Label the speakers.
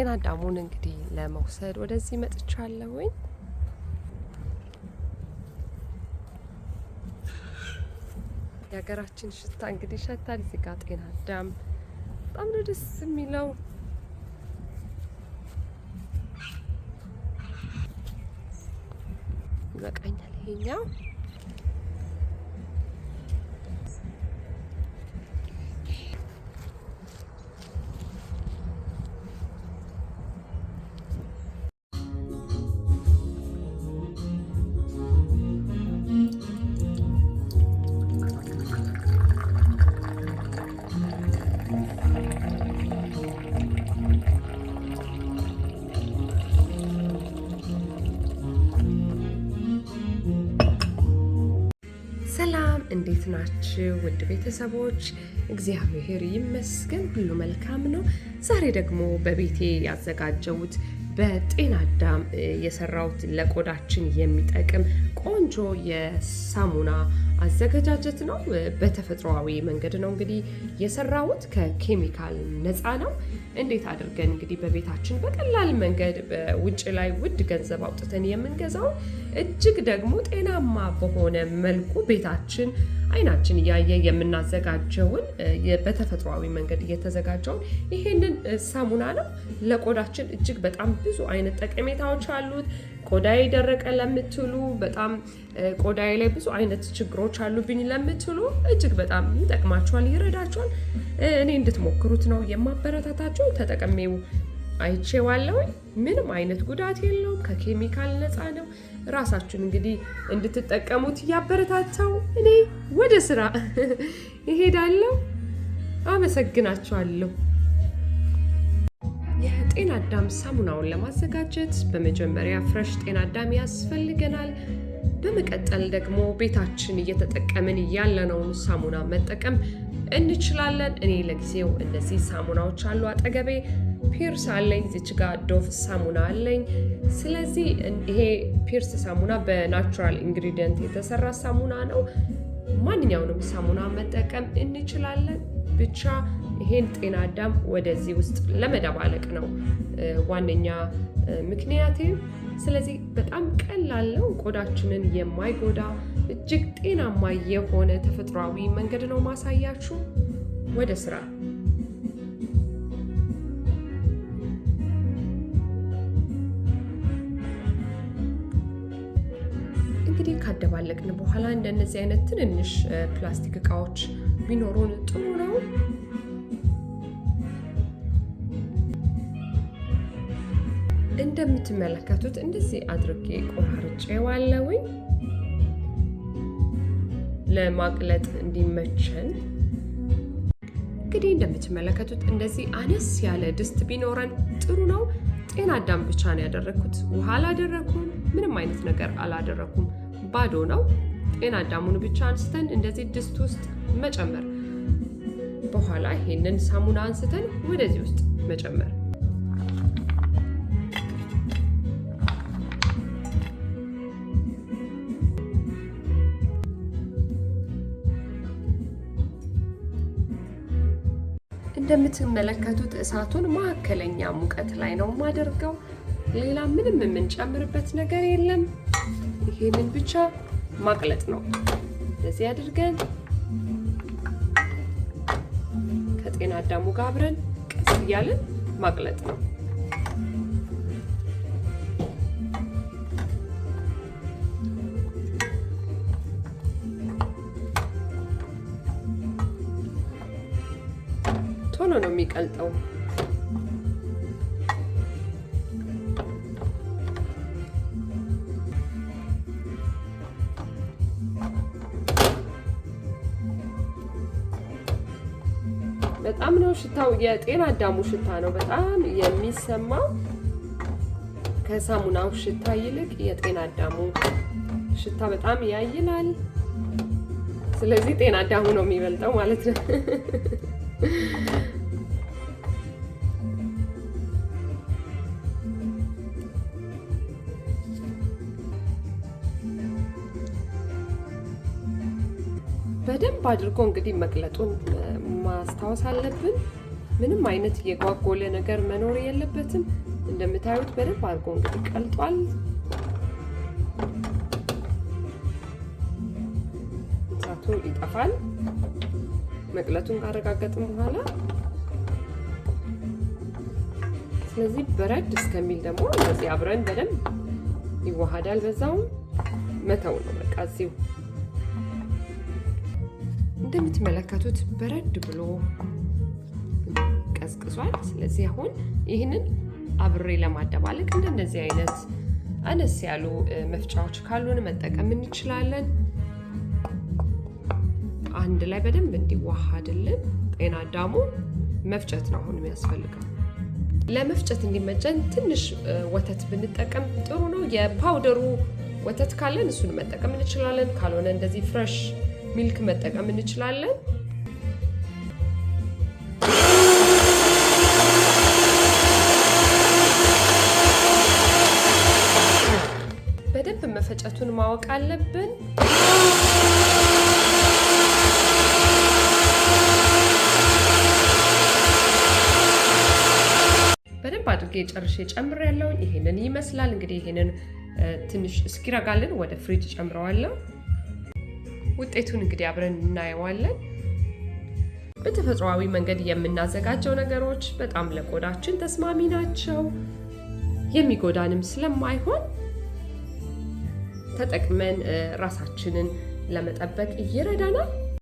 Speaker 1: ጤና አዳሙን እንግዲህ ለመውሰድ ወደዚህ መጥቻለሁኝ። የሀገራችን ሽታ እንግዲህ ይሸታል እዚህ ጋር ጤና አዳም በጣም ነው ደስ የሚለው። ይበቃኛል ይሄኛው እንዴት ናችሁ ውድ ቤተሰቦች? እግዚአብሔር ይመስገን ሁሉ መልካም ነው። ዛሬ ደግሞ በቤቴ ያዘጋጀሁት በጤና አዳም የሰራሁት ለቆዳችን የሚጠቅም ቆንጆ የሳሙና አዘገጃጀት ነው። በተፈጥሯዊ መንገድ ነው እንግዲህ የሰራሁት ከኬሚካል ነፃ ነው። እንዴት አድርገን እንግዲህ በቤታችን በቀላል መንገድ በውጭ ላይ ውድ ገንዘብ አውጥተን የምንገዛው እጅግ ደግሞ ጤናማ በሆነ መልኩ ቤታችን አይናችን እያየ የምናዘጋጀውን በተፈጥሯዊ መንገድ እየተዘጋጀውን ይሄንን ሳሙና ነው። ለቆዳችን እጅግ በጣም ብዙ አይነት ጠቀሜታዎች አሉት። ቆዳዬ ደረቀ ለምትሉ፣ በጣም ቆዳዬ ላይ ብዙ አይነት ችግሮች አሉብኝ ለምትሉ እጅግ በጣም ይጠቅማችኋል፣ ይረዳችኋል። እኔ እንድትሞክሩት ነው የማበረታታችሁ። ተጠቀሜው አይቼዋለሁኝ። ምንም አይነት ጉዳት የለውም። ከኬሚካል ነፃ ነው። ራሳችሁን እንግዲህ እንድትጠቀሙት እያበረታታው እኔ ወደ ስራ ይሄዳለሁ አመሰግናችኋለሁ። የጤና አዳም ሳሙናውን ለማዘጋጀት በመጀመሪያ ፍረሽ ጤና አዳም ያስፈልገናል። በመቀጠል ደግሞ ቤታችን እየተጠቀምን ያለነውን ሳሙና መጠቀም እንችላለን። እኔ ለጊዜው እነዚህ ሳሙናዎች አሉ አጠገቤ ፒርስ አለኝ፣ እዚች ጋ ዶቭ ሳሙና አለኝ። ስለዚህ ይሄ ፒርስ ሳሙና በናቹራል ኢንግሪዲየንት የተሰራ ሳሙና ነው። ማንኛውንም ሳሙና መጠቀም እንችላለን። ብቻ ይሄን ጤና አዳም ወደዚህ ውስጥ ለመደባለቅ ነው ዋነኛ ምክንያቴ። ስለዚህ በጣም ቀላል ነው፣ ቆዳችንን የማይጎዳ እጅግ ጤናማ የሆነ ተፈጥሯዊ መንገድ ነው ማሳያችሁ። ወደ ስራ ካደባለቅን በኋላ እንደነዚህ አይነት ትንንሽ ፕላስቲክ እቃዎች ቢኖሩን ጥሩ ነው። እንደምትመለከቱት እንደዚህ አድርጌ ቆራርጬ ዋለውኝ ለማቅለጥ እንዲመቸን። እንግዲህ እንደምትመለከቱት እንደዚህ አነስ ያለ ድስት ቢኖረን ጥሩ ነው። ጤና አዳም ብቻ ነው ያደረግኩት። ውሃ አላደረኩም። ምንም አይነት ነገር አላደረኩም። ባዶ ነው። ጤና አዳሙን ብቻ አንስተን እንደዚህ ድስት ውስጥ መጨመር። በኋላ ይሄንን ሳሙና አንስተን ወደዚህ ውስጥ መጨመር። እንደምትመለከቱት እሳቱን መካከለኛ ሙቀት ላይ ነው ማደርገው። ሌላ ምንም የምንጨምርበት ነገር የለም። ይሄንን ብቻ ማቅለጥ ነው። እንደዚህ አድርገን ከጤና አዳሙ ጋር አብረን ቀስ እያለን ማቅለጥ ነው። ቶሎ ነው የሚቀልጠው። በጣም ነው ሽታው የጤና አዳሙ ሽታ ነው በጣም የሚሰማው። ከሳሙናው ሽታ ይልቅ የጤና አዳሙ ሽታ በጣም ያይላል። ስለዚህ ጤና አዳሙ ነው የሚበልጠው ማለት ነው። በደንብ አድርጎ እንግዲህ መቅለጡን ማስታወስ አለብን። ምንም አይነት የጓጎለ ነገር መኖር የለበትም። እንደምታዩት በደንብ አድርጎ እንግዲህ ቀልጧል። እሳቱ ይጠፋል። መቅለቱን ካረጋገጥን በኋላ ስለዚህ በረድ እስከሚል ደግሞ እንደዚህ አብረን በደንብ ይዋሃዳል። በዛውም መተው ነው በቃ እዚሁ እንደምትመለከቱት በረድ ብሎ ቀዝቅዟል። ስለዚህ አሁን ይህንን አብሬ ለማደባለቅ እንደነዚህ አይነት አነስ ያሉ መፍጫዎች ካሉን መጠቀም እንችላለን። አንድ ላይ በደንብ እንዲዋሃድልን ጤና አዳሙ መፍጨት ነው አሁን የሚያስፈልገው። ለመፍጨት እንዲመጨን ትንሽ ወተት ብንጠቀም ጥሩ ነው። የፓውደሩ ወተት ካለን እሱን መጠቀም እንችላለን። ካልሆነ እንደዚህ ፍረሽ ሚልክ መጠቀም እንችላለን። በደንብ መፈጨቱን ማወቅ አለብን። በደንብ አድርጌ ጨርሼ ጨምር ያለውን ይሄንን ይመስላል። እንግዲህ ይሄንን ትንሽ እስኪረጋልን ወደ ፍሪጅ ጨምረዋለሁ። ውጤቱን እንግዲህ አብረን እናየዋለን። በተፈጥሯዊ መንገድ የምናዘጋጀው ነገሮች በጣም ለቆዳችን ተስማሚ ናቸው። የሚጎዳንም ስለማይሆን ተጠቅመን ራሳችንን ለመጠበቅ ይረዳናል።